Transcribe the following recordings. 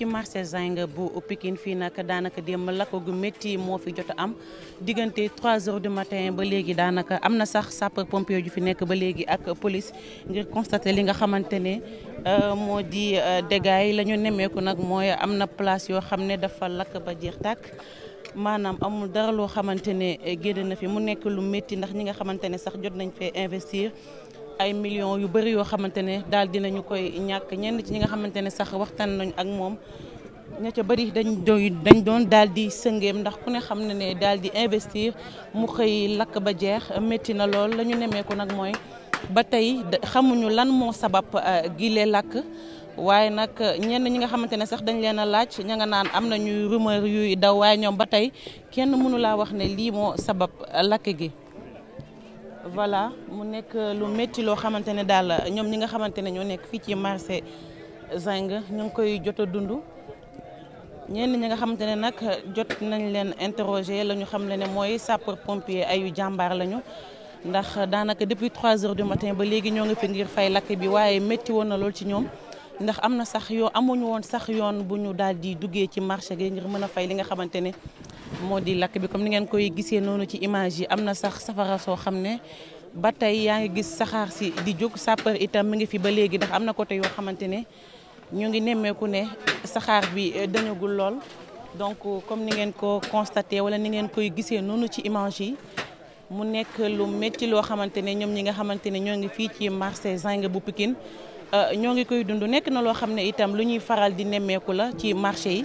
ci marché Zing bu Pikine fii nag daanaka démb lakk gu métti moo fi jot am diggante 3 heures du matin ba léegi daanaka am na sax sapeur pompier ju fi nekk ba léegi ak police ngir constater li nga xamante ne euh, moo di euh, dégâts yi la nemmeeku nag mooy am na place yoo xam ne dafa lakk ba jeex tàkk. maanaam amul dara loo xamante ne génn na fi mu nekk lu métti ndax ñi nga xamante ne sax jot nañ fee investir. ay millions yu bëri yoo xamante ne daal dinañu koy ñàkk ñenn ci ñi nga xamante ne sax waxtaan nañu ak moom ña ca dañ doon dañ doon daal di sëngeem ndax ku ne xam na ne daal di investir mu xëy lakk ba jeex métti na lool lañu ñu nemmeeku nag mooy ba tey xamuñu lan moo sabab euh, gilee lakk waaye nag ñenn ñi nga xamante ne sax dañ leen a laaj ña nga naan am na ñuy rumeur yuy daw waaye ñoom ba tey kenn mënu laa wax ne lii moo sabab euh, lakk gi voilà mu nekk lu métti loo xamante ne daal ñoom ñi nga xamante ne ñoo nekk fii ci marché Zinc ñu ngi koy jot a dund ñenn ñi nga xamante ne nag jot nañ leen interroger la ñu xam le ne mooy sapeur pompier ayu jàmbaar lañu ndax daanaka depuis 3 heures du matin ba léegi ñoo ngi fi ngir fay lakk bi waaye métti woon na lool ci ñoom ndax am na sax yoo amuñu woon sax yoon bu ñu daal di duggee ci marché gi ngir mën a fay li nga xamante ne moo di lakk bi comme ni ngeen koy gisee noonu ci image yi am na sax safara soo xam ne ba tey yaa ngi gis saxaar si di jóg sapeur itam mu ngi fi ba léegi ndax am na côté yoo xamante ne ñu ngi nemmeeku ne saxaar bi euh, dañagul lool. donc euh, comme ni ngeen ko constaté wala ni ngeen koy gisee noonu ci image yi mu nekk lu métti loo xamante ne ñoom ñi nga xamante ne ñoo ngi fii ci marché Zinc bu Pikine euh, ñoo ngi koy dund nekk na loo xam ne itam lu ñuy faral di nemmeeku la ci marché yi.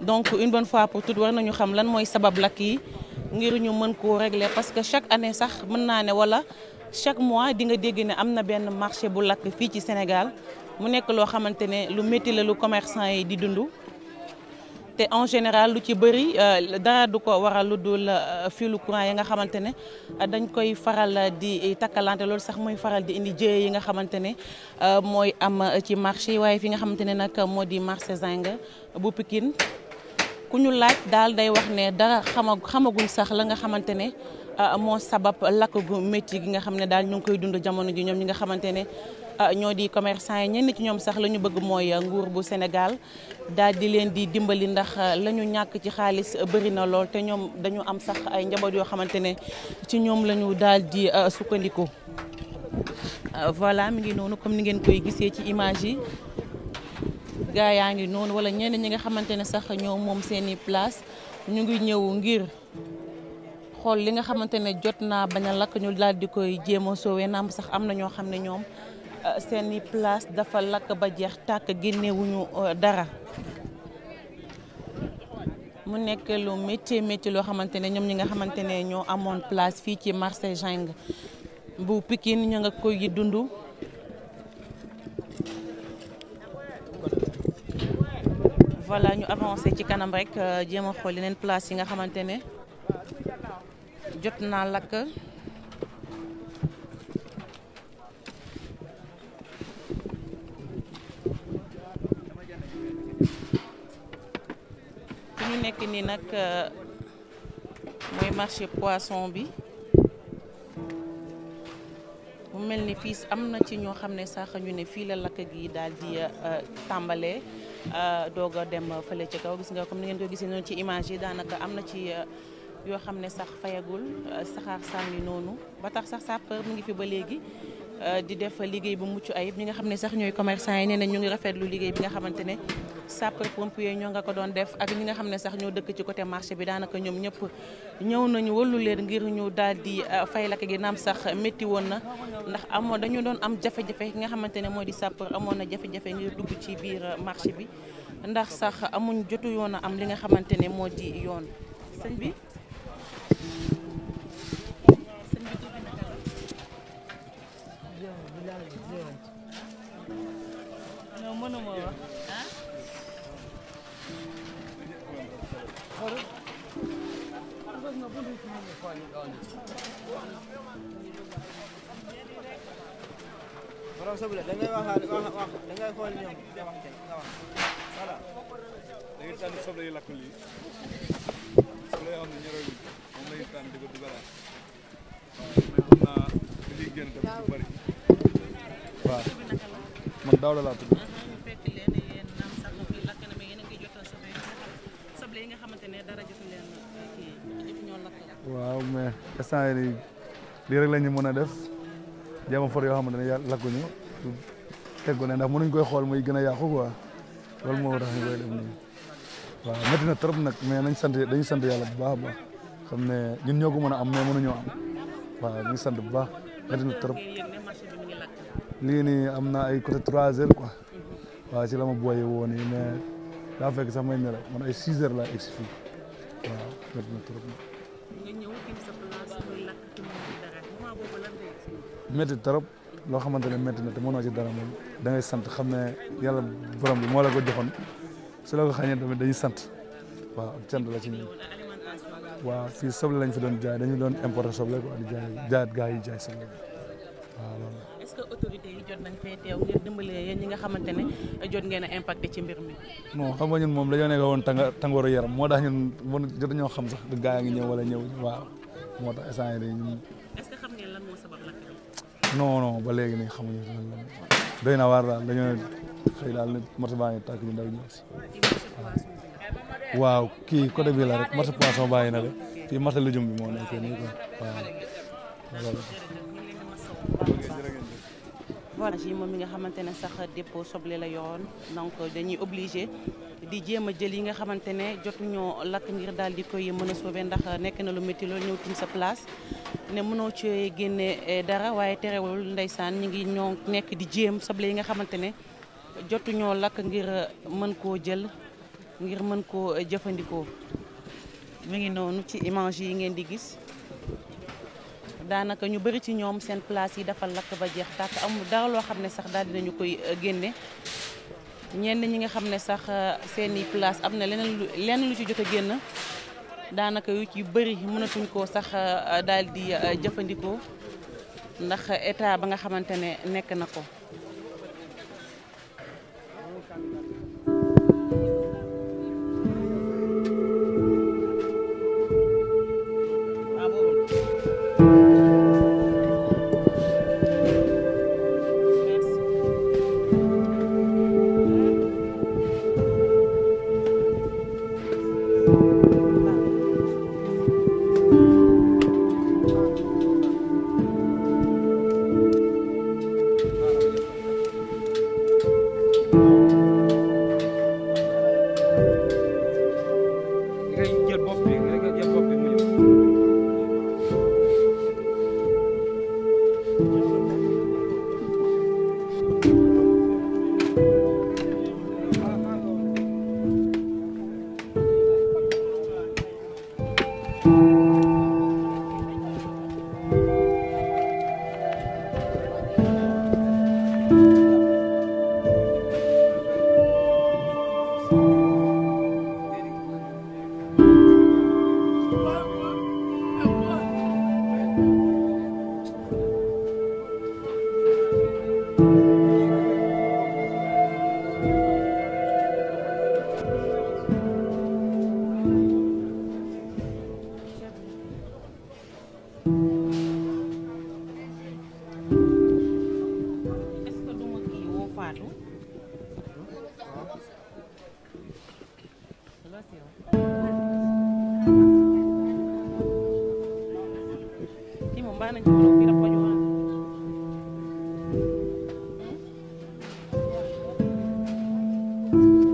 donc une bonne fois pour toutes war nañu xam lan mooy sabab lakk yi ngir ñu mën koo réglé parce que chaque année sax mën naa ne wala chaque mois di nga dégg ne am na benn marché bu lakk fii ci Sénégal mu nekk loo xamante ne lu métti la lu commerçant yi di dundu te en général lu ci bëri euh, dara du ko waral lu dul euh, filu courant yi nga xamante ne euh, dañ koy faral di takkalante loolu sax mooy faral di indi jëye yi nga xamante ne mooy am ci marché waaye fi nga xamante ne nag moo di marché Zinc bu Pikine ku ñu laaj daal day wax ne dara xama xamaguñ sax la nga xamante ne euh, moo sabab lakk gu métti gi nga xam ne daal ñu ngi koy dund jamono ji ñoom ñi nga xamante ne euh, ñoo di commerçant yi ñenn ci ñoom sax la ñu bëgg mooy nguur bu Sénégal daal di leen di dimbali ndax euh, lañu ñàkk ci xaalis bëri na lool te ñoom dañu am sax ay njaboot yoo xamante ne ci ñoom la ñu daal di sukkandiku. voilà mi ngi noonu comme ni ngeen koy gisee ci image yi. gaa yaa ngi noonu wala ñenn ñi nga xamante ne sax ñoo moom seeni place ñu ngi ñëw ngir xool li nga xamante ne jot naa bañ a lakk ñu daal di koy jéem a soowee naam sax am na ñoo xam ne ñoom euh, seeni place dafa lakk ba jeex tàkk génnewuñu euh, dara mu nekk lu métti métti loo xamante ne ñoom ñi nga xamante ne ñoo amoon place fii ci marché Zinc bu Pikine ñu nga koy dund voilà ñu avancé ci kanam rek euh, jéem a yeneen place yi nga xamante ne jot naa lakk fi ñu nekk nii nag euh, mooy marché poisson bi mu mel ni fii am na ci ñoo xam ne sax ñu ne fii la lakk gi daal euh, tàmbalee Euh, doog a dem fële ci kaw gis comme ni ngeen ko gisee noonu ci image yi daanaka am na ci euh, yoo xam ne sax fayagul euh, saxaar sànni noonu ba tax sax sapeur mu ngi fi ba léegi Euh, di def liggéey bu mucc ayib ñi nga xam ne sax ñooy commerçant yi nee na ñu ngi rafetlu liggéey bi nga xamante ne sapeur pompier ñoo nga ko doon def ak ñi nga xam ne sax ñoo dëkk ci côté marché bi daanaka ñoom ñëpp ñëw nañu wallu leen ngir ñu daal di euh, fay lakk gi naam sax métti woon na ndax amoon dañu doon am jafe ki nga xamante ne moo di sapeur amoon na jafe-jafe dugg ci biir euh, marché bi ndax sax amuñ jotu yoon a am li nga xamante ne moo di yoon sëñ non mënuma wax ah. borom sa bële da ngay waxaale wax wax da ngay xool ñoom nga wax nga wax voilà. da ngay tànn soble yu lakk lii soble yoo xam ne ñoroo yi moom la ñuy tànn di ko dugalaat waaye mais xam naa li génn tamit lu bari. waaw man daaw la laa tudd. waaw mais lii rek la ñu mën a def jéem a for yoo xamante ne yàlla lakkuñu teggu ne ndax mënuñ koy xool mooy gën a yàqu quoi loolu moo tax ñu def nii waaw métti na trop nag mais nañ sant dañu sant yàlla bu baax xam ne ñun ñoo ko mën a am mais mënuñoo am waaw ñu sant bu baax métti na trop. lii nii am na ay côté trois heures quoi mhm. waaw ci la ma booyee woon yi mais daa fekk sax may nelaw man ay six heures laa egsi fii waaw métti loo xamante ne métti na te mënoo ci dara moom da sant xam ne yàlla borom bi moo la ko joxoon su la ko xañee tamit dañuy sant waaw ak la ci ñun fii soble lañ fi doon jaay dañu doon importer soble quoi di jaay jaayat jaay soble waaw autorité nga xamante ne jot ngeen a ci mbir mi. non xam nga ñun moom dañoo nekk woon tàngooru yaram moo tax ñun ñoo xam sax du ngi ñëw wala ñëw waaw moo tax instant yii ñun. est-ce que xam ba léegi nii xamuñu na waar daal dañoo daal marché baa ngi tàkk kii côté bii la rek marché poisson na de fii marché lujum bi moo nekk nii quoi waaw. voilà ji moom mi nga xamante ne sax dépôt soble la yoon donc dañuy obligé di jéem a jël yi nga xamante ne jotuñoo lakk ngir daal di koy mën a sauver ndax nekk na lu métti loolu ñëw tim sa place ne mënoo ci génne eh, dara waaye terewul ndeysaan ñi ngi ñoo nekk di jéem soble yi nga xamante ne jotuñoo lakk ngir mën koo jël ngir mën koo jëfandikoo mi ngi noonu ci image yi ngeen di gis daanaka ñu bëri ci ñoom seen place yi dafa lakk ba jeex tàkk amul dara loo xam ne sax daal dinañu koy euh, génne ñenn ñi nga xam ne sax euh, seen i place am na leneen lu lenn lu ci jot a génn daanaka yu ci bëri mënatuñ koo sax euh, daal di jëfandikoo ndax état ba nga xamante ne nekk na ko. thank you Thank you.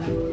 Thank you.